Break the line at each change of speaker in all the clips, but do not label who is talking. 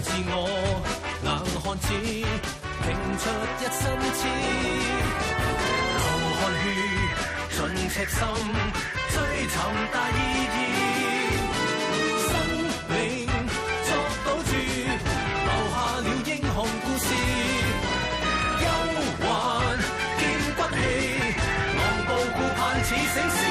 自我硬漢子拼出一身刺，流汗血盡赤心追尋大意義，生命
作賭注留下了英雄故事，憂患見骨氣，昂步顧盼似醒獅。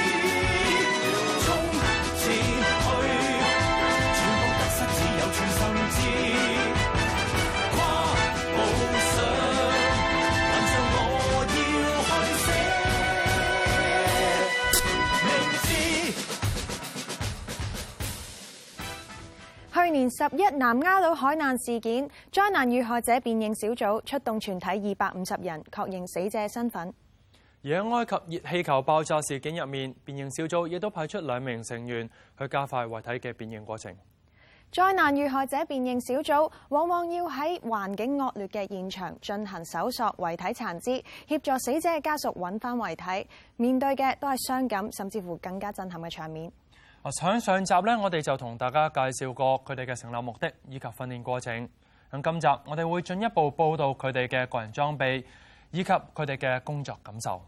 去年十一南丫島海難事件，災難遇害者辨認小組出動全體二百五十人，確認死者身份。
而喺埃及熱氣球爆炸事件入面，辨認小組亦都派出兩名成員去加快遺體嘅辨認過程。
災難遇害者辨認小組往往要喺環境惡劣嘅現場進行搜索遺體殘肢，協助死者嘅家屬揾翻遺體。面對嘅都係傷感，甚至乎更加震撼嘅場面。
喺上集咧，我哋就同大家介紹過佢哋嘅成立目的以及訓練過程。喺今集，我哋會進一步報道佢哋嘅個人裝備，以及佢哋嘅工作感受。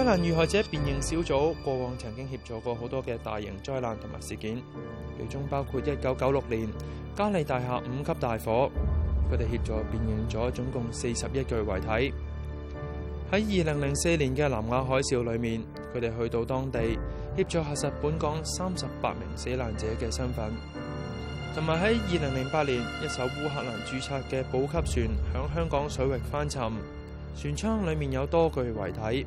災難遇害者辨認小組過往曾經協助過好多嘅大型災難同埋事件，其中包括一九九六年嘉利大廈五級大火，佢哋協助辨認咗總共四十一具遺體。喺二零零四年嘅南亞海嘯裏面，佢哋去到當地協助核實本港三十八名死難者嘅身份，同埋喺二零零八年一艘烏克蘭註冊嘅補給船響香港水域翻沉，船艙裏面有多具遺體。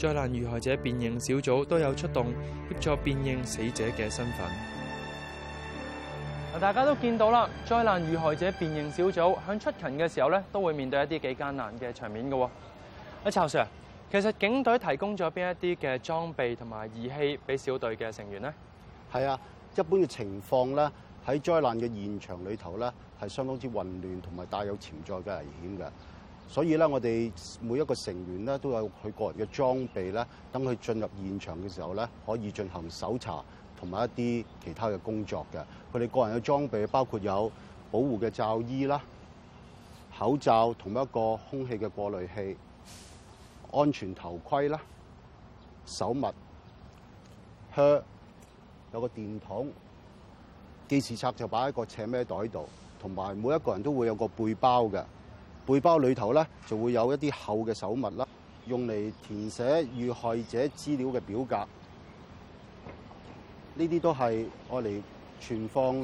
災難遇害者辨認小組都有出動協助辨認死者嘅身份。大家都見到啦，災難遇害者辨認小組響出勤嘅時候咧，都會面對一啲幾艱難嘅場面嘅。阿巢 Sir，其實警隊提供咗邊一啲嘅裝備同埋儀器俾小隊嘅成員呢？係
啊，一般嘅情況咧，喺災難嘅現場裏頭咧，係相當之混亂同埋帶有潛在嘅危險㗎。所以咧，我哋每一個成員咧都有佢個人嘅裝備咧，等佢進入現場嘅時候咧，可以進行搜查同埋一啲其他嘅工作嘅。佢哋個人嘅裝備包括有保護嘅罩衣啦、口罩同埋一個空氣嘅過濾器、安全頭盔啦、手襪、靴，有個電筒，記事冊就擺喺個斜孭袋度，同埋每一個人都會有個背包嘅。背包裏頭咧就會有一啲厚嘅手物啦，用嚟填寫遇害者資料嘅表格。呢啲都係我哋存放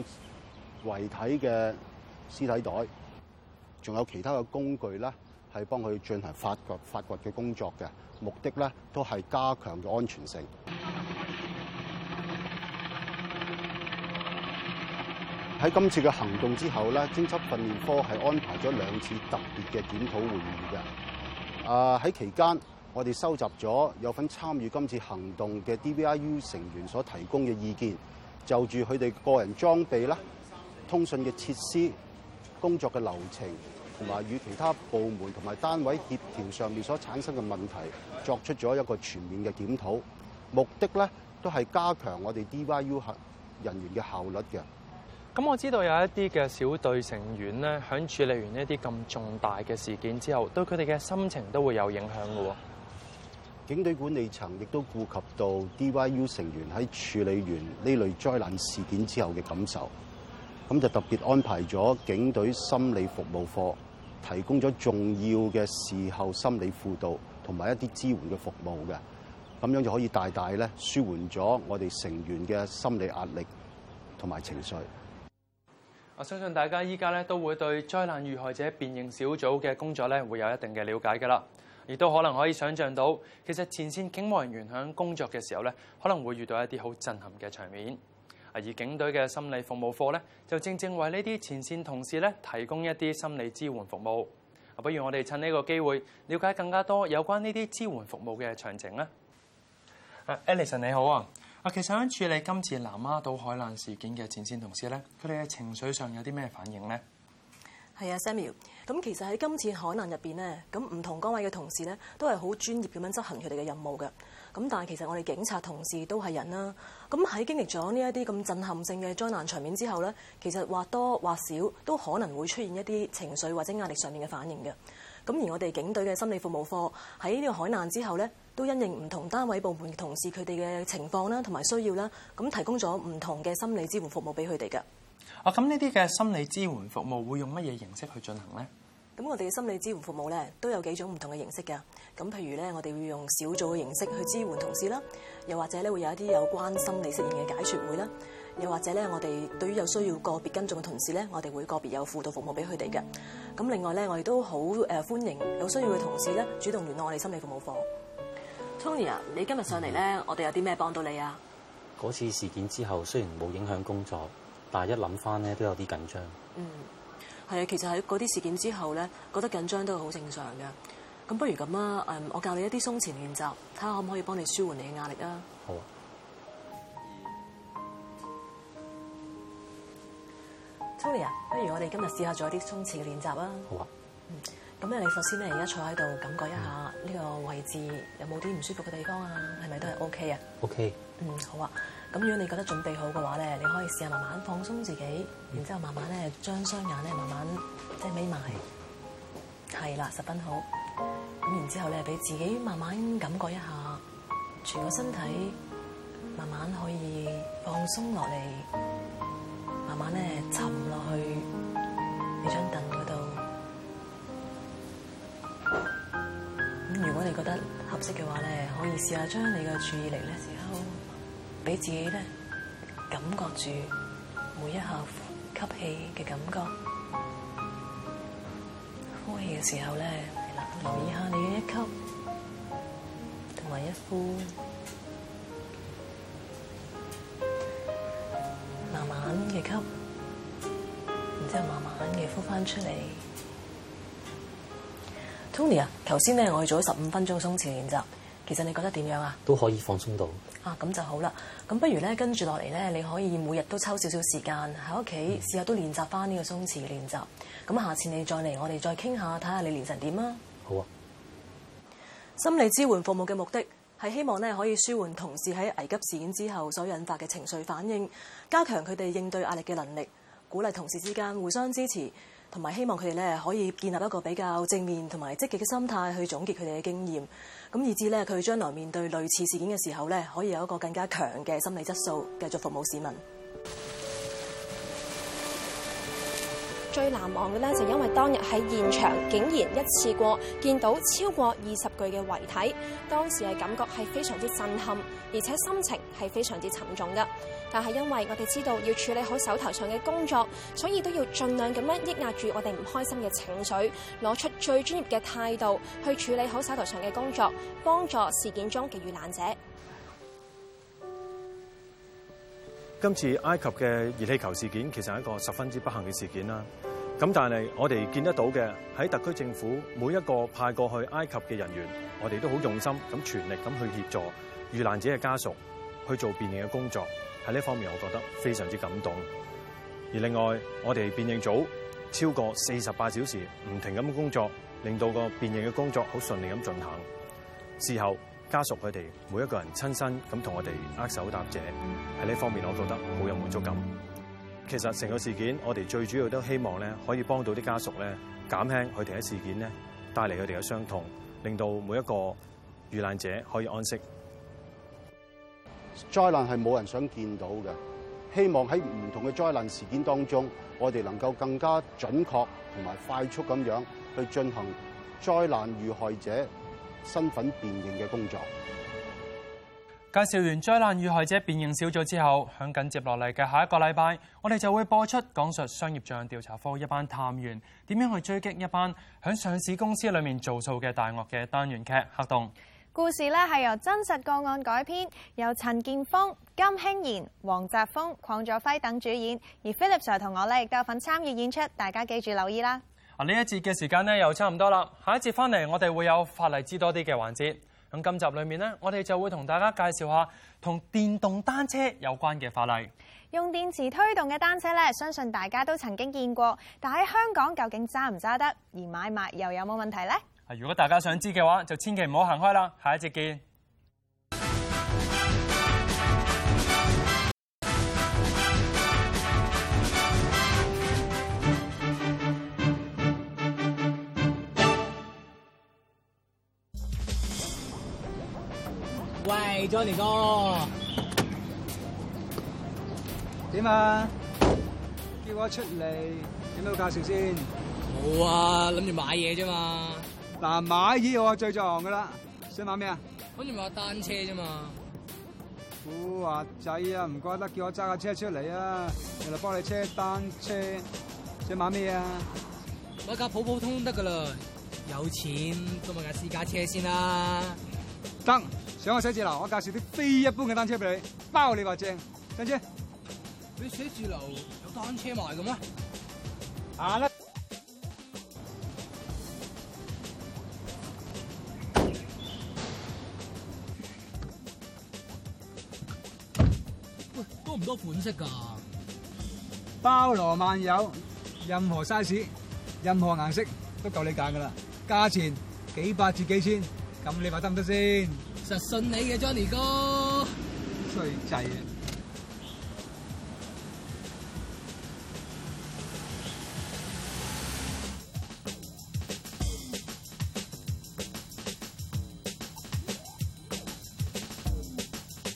遺體嘅屍體袋，仲有其他嘅工具啦，係幫佢進行發掘、發掘嘅工作嘅，目的咧都係加強嘅安全性。喺今次嘅行動之後咧，偵察訓練科係安排咗兩次特別嘅檢討會議嘅。啊，喺期間我哋收集咗有份參與今次行動嘅 D V I U 成員所提供嘅意見，就住佢哋個人裝備啦、通訊嘅設施、工作嘅流程，同埋與其他部門同埋單位協調上面所產生嘅問題，作出咗一個全面嘅檢討。目的咧，都係加強我哋 D V I U 人員嘅效率嘅。
咁我知道有一啲嘅小隊成員咧，喺處理完一啲咁重大嘅事件之後，對佢哋嘅心情都會有影響嘅哦。
警隊管理層亦都顧及到 D.Y.U 成員喺處理完呢類災難事件之後嘅感受，咁就特別安排咗警隊心理服務課，提供咗重要嘅事後心理輔導同埋一啲支援嘅服務嘅。咁樣就可以大大咧舒緩咗我哋成員嘅心理壓力同埋情緒。
我相信大家依家咧都會對災難遇害者辨認小組嘅工作咧會有一定嘅了解㗎喇，亦都可能可以想象到，其實前線警務人員喺工作嘅時候咧，可能會遇到一啲好震撼嘅場面。而警隊嘅心理服務課咧，就正正為呢啲前線同事咧提供一啲心理支援服務。不如我哋趁呢個機會，了解更加多有關呢啲支援服務嘅詳情啦。Alison 你好啊！啊，其實喺處理今次南丫島海難事件嘅前線同事咧，佢哋嘅情緒上有啲咩反應呢？
係啊，Samuel。咁其實喺今次海難入邊呢，咁唔同崗位嘅同事呢，都係好專業咁樣執行佢哋嘅任務嘅。咁但係其實我哋警察同事都係人啦，咁喺經歷咗呢一啲咁震撼性嘅災難場面之後呢，其實或多或少都可能會出現一啲情緒或者壓力上面嘅反應嘅。咁而我哋警隊嘅心理服務課喺呢個海難之後呢，都因應唔同單位部門嘅同事佢哋嘅情況啦，同埋需要啦，咁提供咗唔同嘅心理支援服務俾佢哋嘅。
啊、哦，咁呢啲嘅心理支援服務會用乜嘢形式去進行呢？
咁我哋嘅心理支援服務咧都有幾種唔同嘅形式嘅。咁譬如咧，我哋會用小組嘅形式去支援同事啦，又或者咧會有一啲有關心理適應嘅解説會啦，又或者咧我哋對於有需要個別跟進嘅同事咧，我哋會個別有輔導服務俾佢哋嘅。咁另外咧，我哋都好誒歡迎有需要嘅同事咧主動聯絡我哋心理服務課。Tony，你今日上嚟咧，嗯，我哋有啲咩幫到你啊？
嗰次事件之後，雖然冇影響工作，但係一諗翻咧都有啲緊張。嗯，
係啊，其實喺嗰啲事件之後咧，覺得緊張都係好正常嘅。咁不如咁啦，嗯，我教你一啲鬆弛練習，睇下可唔可以幫你舒緩你嘅壓力啊。好啊。Tony，不如我哋今日試下做一啲鬆弛嘅練習啊？好啊。嗯，咁咧你首先咧而家坐喺度，感覺一下呢個位置有冇啲唔舒服嘅地方啊？係咪都係 O K 啊？O K，嗯，好啊。咁如果你覺得準備好嘅話咧，你可以試下慢慢放鬆自己，然之後慢慢咧將雙眼咧慢慢即係眯埋，係、嗯、啦，十分好。咁然之後咧，俾自己慢慢感覺一下，全個身體慢慢可以放鬆落嚟，慢慢咧沉落去你張凳。覺得合適嘅話咧，可以試下將你嘅注意力咧，時候俾自己咧感覺住每一下吸氣嘅感覺，呼氣嘅時候咧，留意下你嘅一吸同埋一呼，慢慢嘅吸，然之後慢慢嘅呼翻出嚟。Tony 啊，頭先咧我去做咗十五分鐘鬆弛練習，其實你覺得點樣啊？
都可以放鬆到
啊，咁就好啦。咁不如咧跟住落嚟咧，你可以每日都抽少少時間喺屋企試下都練習翻呢個鬆弛嘅練習。咁下次你再嚟，我哋再傾下，睇下你練成點啊。好啊。心理支援服務嘅目的係希望咧可以舒緩同事喺危急事件之後所引發嘅情緒反應，加強佢哋應對壓力嘅能力，鼓勵同事之間互相支持。同埋希望佢哋咧可以建立一個比較正面同埋積極嘅心態去總結佢哋嘅經驗，咁以致咧佢將來面對類似事件嘅時候咧，可以有一個更加強嘅心理質素，繼續服務市民。
最難忘嘅咧，就因為當日喺現場竟然一次過見到超過二十具嘅遺體，當時嘅感覺係非常之震撼，而且心情係非常之沉重噶。但係因為我哋知道要處理好手頭上嘅工作，所以都要盡量咁樣抑壓住我哋唔開心嘅情緒，攞出最專業嘅態度去處理好手頭上嘅工作，幫助事件中嘅遇難者。
今次埃及嘅熱氣球事件其實係一個十分之不幸嘅事件啦。咁但係我哋見得到嘅喺特區政府每一個派過去埃及嘅人員，我哋都好用心咁全力咁去協助遇難者嘅家屬去做辨認嘅工作。喺呢方面，我覺得非常之感動。而另外，我哋辨認組超過四十八小時唔停咁工作，令到個辨認嘅工作好順利咁進行。事後。家屬佢哋每一個人親身咁同我哋握手答謝，喺呢方面我覺得好有滿足感。其實成個事件我哋最主要都希望咧，可以幫到啲家屬咧，減輕佢哋嘅事件咧帶嚟佢哋嘅傷痛，令到每一個遇難者可以安息。
災難係冇人想見到嘅，希望喺唔同嘅災難事件當中，我哋能夠更加準確同埋快速咁樣去進行災難遇害者身份辨認嘅工
作。介紹完災難遇害者辨認小組之後，響緊接落嚟嘅下一個禮拜，我哋就會播出講述商業罪案調查科一班探員點樣去追擊一班響上市公司裏面做數嘅大鱷嘅單元劇《黑洞》。
故事咧係由真實個案改編，由陳鍵鋒、金興賢、黃澤鋒、鄺祖輝等主演，而 Philip Sir 同我咧亦都有份參與演出。大家記住留意啦。
啊！
呢一節嘅時間咧又差唔多啦，下一節翻嚟我哋會有法例知多啲嘅環節。咁今集裏面咧，我哋就會同大家介紹下同電動單車有關嘅法例。
用電池推動嘅單車咧，相信大家都曾經見過，但喺香港究竟揸唔揸得，而買賣又有冇問題呢？
如果大家想知嘅話，就千祈唔好行開啦，下一節見。
喂，Johnny 哥，點啊？叫我出嚟，有冇介紹先？冇啊，諗住買嘢啫嘛。嗱、啊，買嘢我最在行噶啦。想買咩啊？好似買單車啫嘛。古惑仔啊，唔怪得叫我揸架車出嚟啊！又嚟幫你車單車，想買咩啊？買架普普通通得噶啦，有錢都買架私家車先啦，啊。得。上個寫字樓，我介紹啲非一般嘅單車俾你，包你話正。上車，你寫字樓有單車賣嘅咩？啊喂，多唔多款式噶、啊？包羅萬有，任何 size、任何顏色都夠你揀噶啦。價錢幾百至幾千，咁你話得唔得先？實信你嘅 Johnny 哥衰滯啊！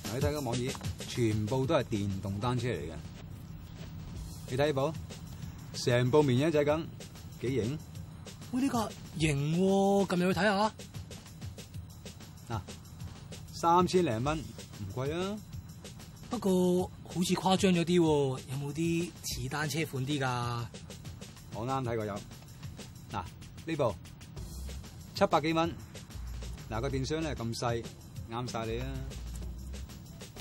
嗱，你睇個網頁，全部都係電動單車嚟嘅。你睇呢部，成部綿羊仔咁幾型？喂，呢、這個型，撳入去睇下啊！嗱。三千零蚊唔貴啊，不過好似誇張咗啲，有冇啲似單車款啲噶？我啱睇過有嗱，呢部七百幾蚊，嗱，個電箱咧咁細，啱晒你啊，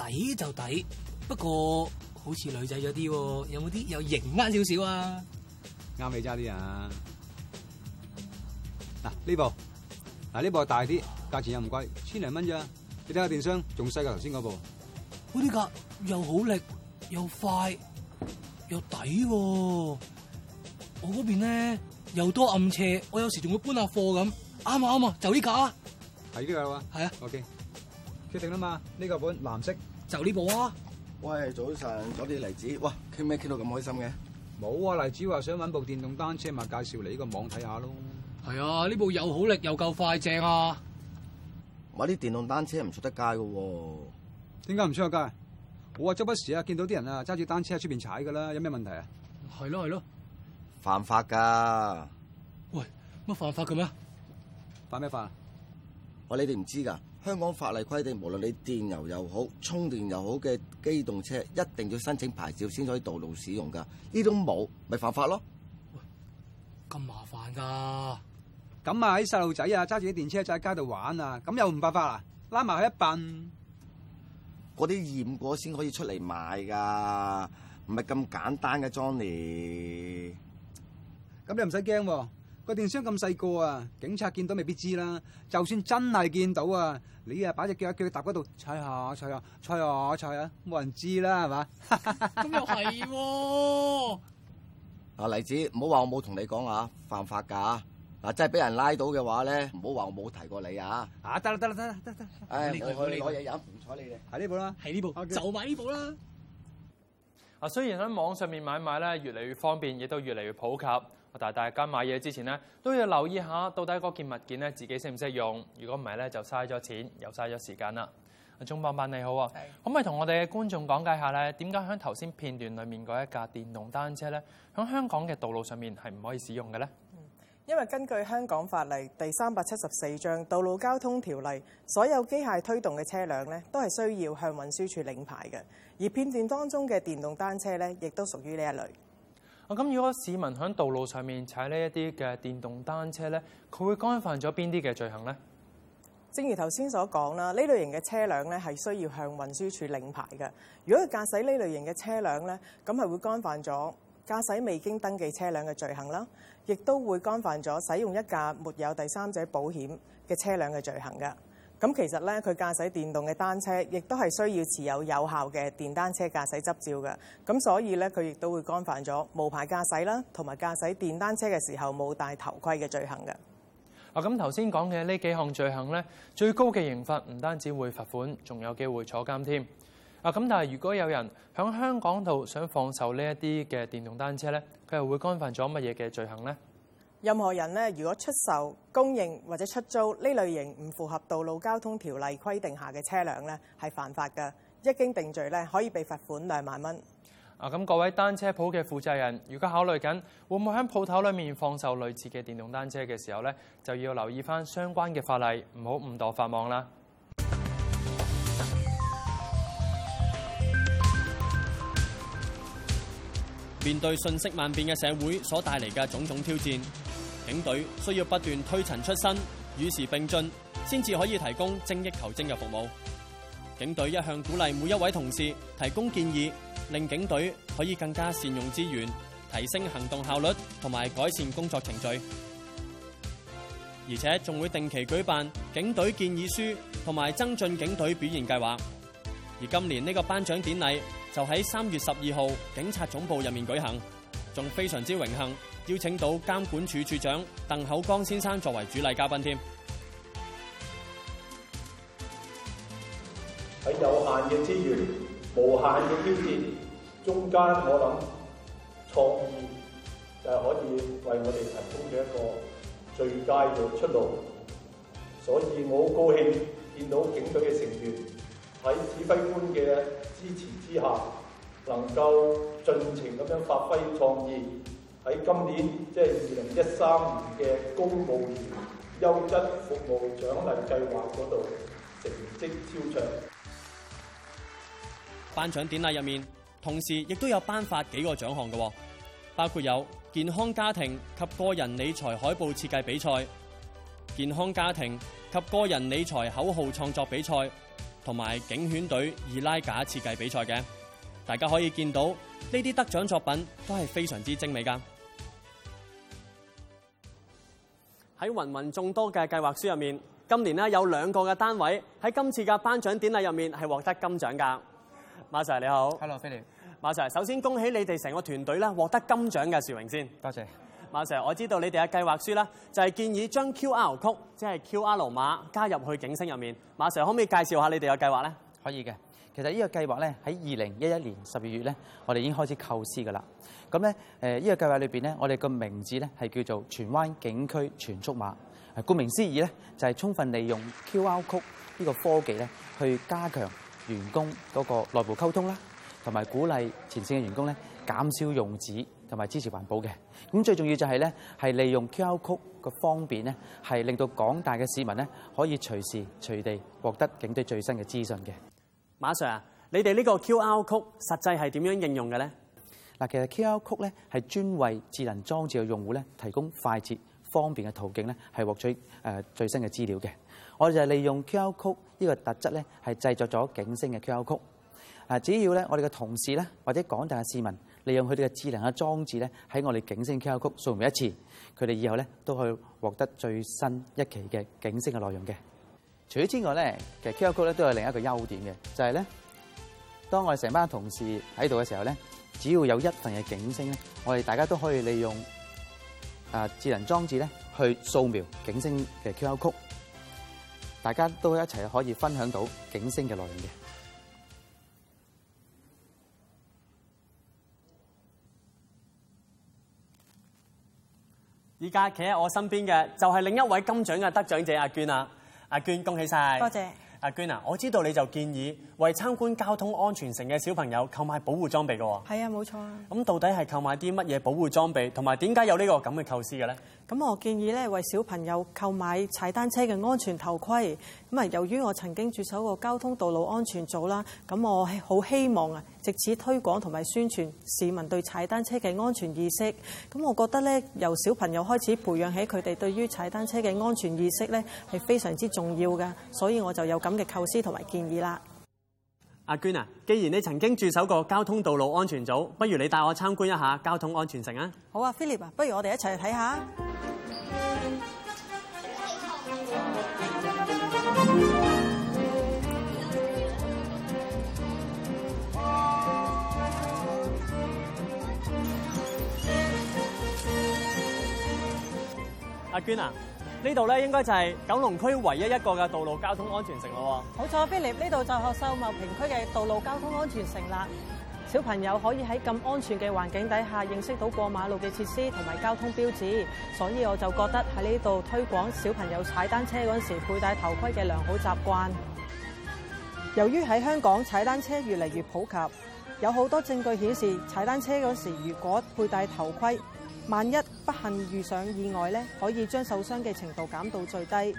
抵就抵，不過好似女仔咗啲，有冇啲又型啱少少啊？啱你揸啲啊，嗱呢部，嗱呢部大啲，價錢又唔貴，千零蚊咋？你睇下電商仲細過頭先嗰部，啲架又好力又快又抵。啊，我嗰邊咧又多暗斜，我有時仲會搬下貨咁。啱啊啱啊，就呢架。係呢個係嘛？係啊。OK，決定啦嘛？呢個本藍色，就呢部啊。喂，早晨，早啲嚟子，哇，傾咩傾到咁開心嘅？冇啊，黎子話想搵部電動單車，咪介紹嚟呢個網睇下咯。係啊，呢部又好力又夠快正啊！我啲電動單車唔出得街噶、啊，點解唔出得街？我話周不時啊，見到啲人啊揸住單車喺出邊踩噶啦，有咩問題啊？係咯係咯，犯法噶。喂，乜犯法噶咩？犯咩法？喂，啊，你哋唔知噶？香
港法例規定，無論你電油又好，充電又好嘅機動車，一定要申請牌照先可以道路使用噶。呢種冇，咪犯法咯。喂，
咁麻煩噶、啊。咁啊！喺細路仔啊，揸住啲電車就喺街度玩啊！咁又唔辦法啦，拉埋佢一笨。
嗰啲驗過先可以出嚟賣噶，
唔係咁簡單嘅，Johnny。咁你唔使驚，個電箱咁細個啊！警察見到未必知啦。就算真係見到啊，你啊擺隻腳腳踏嗰度，踩下踩下踩下踩下，冇人知啦，係嘛？咁又
係喎。例子，唔好話我冇同你講啊，犯法噶。嗱，真係俾人拉到嘅話咧，唔好話我冇提過你啊！
嚇、啊，得啦得啦得啦得得，唉，你攞嘢飲，唔睬你哋，係呢部啦，係呢、哎、部，部、okay，就買呢部
啦。啊，雖然喺網上面買賣咧越嚟越方便，亦都越嚟越普及，但係大，大家買嘢之前呢，都要留意下，到底嗰件物件咧自己識唔識用？如果唔係咧，就嘥咗錢，又嘥咗時間啦。阿鐘幫辦你好，係，可唔可以同我哋嘅觀眾講解下咧，點解喺頭先片段裏面嗰一架電動單車咧，喺香港嘅道路上面係唔可以使用嘅咧？
因為根據香港法例第三百七十四章《道路交通條例》，所有機械推動嘅車輛咧，都係需要向運輸署領牌嘅。而片段當中嘅電動單車咧，亦都屬於呢一類。
我、啊、咁，如果市民喺道路上面踩呢一啲嘅電動單車咧，佢會干犯咗邊啲嘅罪行呢？
正如頭先所講啦，呢類型嘅車輛咧係需要向運輸署領牌嘅。如果佢駕駛呢類型嘅車輛咧，咁係會干犯咗駕駛未經登記車輛嘅罪行啦，亦都會干犯咗使用一架沒有第三者保險嘅車輛嘅罪行㗎。咁其實咧，佢駕駛電動嘅單車，亦都係需要持有有效嘅電單車駕駛執照嘅。咁所以咧，佢亦都會干犯咗無牌駕駛啦，同埋駕駛電單車嘅時候冇戴頭盔嘅罪行嘅。
啊、哦，咁頭先講嘅呢幾項罪行呢，最高嘅刑罰唔單止會罰款，仲有機會坐監添。啊咁，但係如果有人喺香港度想放售呢一啲嘅電動單車咧，佢又會干犯咗乜嘢嘅罪行呢？
任何人呢，如果出售、供應或者出租呢類型唔符合道路交通條例規定下嘅車輛咧，係犯法嘅。一經定罪咧，可以被罰款兩萬蚊。
啊咁，各位單車舖嘅負責人，如果考慮緊會唔會喺鋪頭裡面放售類似嘅電動單車嘅時候咧，就要留意翻相關嘅法例，唔好誤墮法網啦。
面對瞬息萬變嘅社會所帶嚟嘅種種挑戰，警隊需要不斷推陳出新，與時並進，先至可以提供精益求精嘅服務。警隊一向鼓勵每一位同事提供建議，令警隊可以更加善用資源，提升行動效率同埋改善工作程序。而且仲會定期舉辦警隊建議書同埋增進警隊表現計劃。而今年呢個頒獎典禮，就喺三月十二號警察總部入面舉行，仲非常之榮幸邀請到監管處處長鄧口江先生作為主禮嘉賓添。喺有限嘅資源，無限嘅挑戰中間，我諗創意就係可以為我哋提供咗一個最佳嘅出路。所以我好高興見到警隊嘅成員喺指揮官嘅支持之下，能夠盡情咁樣發揮創意，喺今年即係二零一三年嘅公務員優質服務獎勵計劃嗰度成績超卓。頒獎典禮入面，同時亦都有頒發幾個獎項嘅，包括有健康家庭及個人理財海報設計比賽、健康家庭及個人理財口號創作比賽。同埋警犬隊二拉架設計比賽嘅，大家可以見到呢啲得獎作品都係非常之精美噶。喺芸芸眾多嘅計劃書入面，今年呢有兩個嘅單位喺今次嘅頒獎典禮入面係獲得金獎噶。馬 Sir 你好，Hello 菲力，馬 Sir 首先恭喜你哋成個團隊咧獲得金獎嘅殊榮先，多謝。馬 sir，我知道你哋嘅計劃書啦，就係建議將 QR Code，即係 QR 碼加入去警聲入面。馬 sir 可唔可以
介紹一下你哋嘅計劃咧？可以嘅，其實呢個計劃咧喺二零一一年十二月咧，我哋已經開始構思噶啦。咁咧誒，呢個計劃裏邊咧，我哋個名字咧係叫做荃灣警區全速碼。誒，顧名思義咧，就係充分利用 QR Code 呢個科技咧，去加強員工嗰個內部溝通啦，同埋鼓勵前線嘅員工咧減少用紙。同埋支持環保嘅，咁最重要就係、是、咧，係利用 QR 曲嘅方便咧，係令到廣大嘅市民咧可以隨時隨地獲得警隊最新嘅資訊嘅。
馬 sir 啊，
你哋呢個 QR 曲實際係點樣應用嘅咧？嗱，其實 QR 曲咧係專為智能裝置嘅用戶咧提供快捷方便嘅途徑咧，係獲取誒最新嘅資料嘅。我哋就係利用 QR 曲呢個特質咧，係製作咗警聲嘅 QR 曲。啊，只要咧我哋嘅同事咧或者廣大嘅市民。利用佢哋嘅智能嘅裝置咧，喺我哋警聲 QR Code 掃描一次，佢哋以後咧都可以獲得最新一期嘅警聲嘅內容嘅。除咗之外咧，其實 QR Code 咧都有另一個優點嘅，就係咧，當我哋成班同事喺度嘅時候咧，只要有一份嘅警聲咧，我哋大家都可以利用啊智能裝置咧去掃描警聲嘅 QR Code，大家都一齊可以分享到警聲嘅內容嘅。
而家企喺我身邊嘅就係另一位金獎嘅得獎者阿娟啊。阿娟恭喜晒！多謝，謝。阿娟啊，我知道你就建議為參觀交通安全城嘅小朋友購買保護裝備嘅
喎。哦，係啊，冇錯啊。
咁到底係購買啲乜嘢保護裝備，同埋點解有呢、呢個咁嘅構思嘅呢？
咁我建議咧，為小朋友購買踩單車嘅安全頭盔。咁啊，由於我曾經駐守過交通道路安全組啦，咁我好希望啊，藉此推廣同埋宣傳市民對踩單車嘅安全意識。咁我覺得咧，由小朋友開始培養起佢哋對於踩單車嘅安全意識咧，係非常之重要㗎。所以我就有咁嘅構思同埋建議啦。
阿娟啊，既然你曾經駐守過交通道路安全組，不如你帶我參觀一下交通安全城啊。
好啊，Philip 啊，不如我哋一齊去睇下。
娟啊，呢度咧，應該就係九龍區唯一一個嘅道路交通安全城咯。
好彩，Philip，呢度就係秀茂坪區嘅道路交通安全城啦。小朋友可以喺咁安全嘅環境底下認識到過馬路嘅設施同埋交通標誌，所以我就覺得喺呢度推廣小朋友踩單車嗰陣時佩戴頭盔嘅良好習慣。由於喺香港踩單車越嚟越普及，有好多證據顯示踩單車嗰陣時如果佩戴頭盔，萬一不幸遇上意外咧，可以將受傷嘅程度減到最低，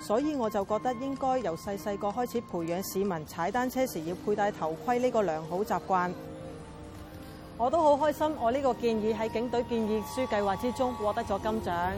所以我就覺得應該由細細個開始培養市民踩單車時要佩戴頭盔呢個良好習慣。
我都好開心，我呢個建議喺警隊建議書計劃之中獲得咗金獎。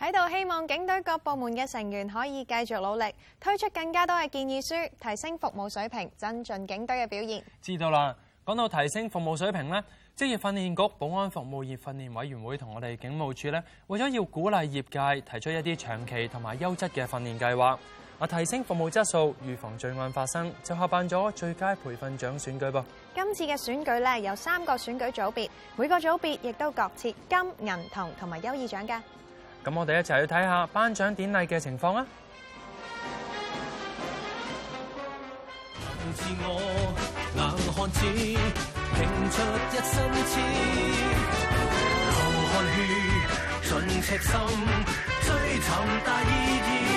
喺度希望警隊各部門嘅成員可以繼續努力，推出更加多嘅建議書，提升服務水平，增進警隊嘅表現。
知道啦。講到提升服務水平咧，職業訓練局保安服務業訓練委員會同我哋警務處咧，為咗要鼓勵業界提出一啲長期同埋優質嘅訓練計劃，啊，提升服務質素，預防罪案發生，就合辦咗最佳培訓獎選舉噃。
今次嘅選舉咧，有三個選舉組別，每個組別亦都各設金銀銅同埋優異獎嘅。
咁我哋一齊去睇下頒獎典禮嘅情況啊！
漢子拼出一身刺，流汗血，盡赤心，追尋大意義。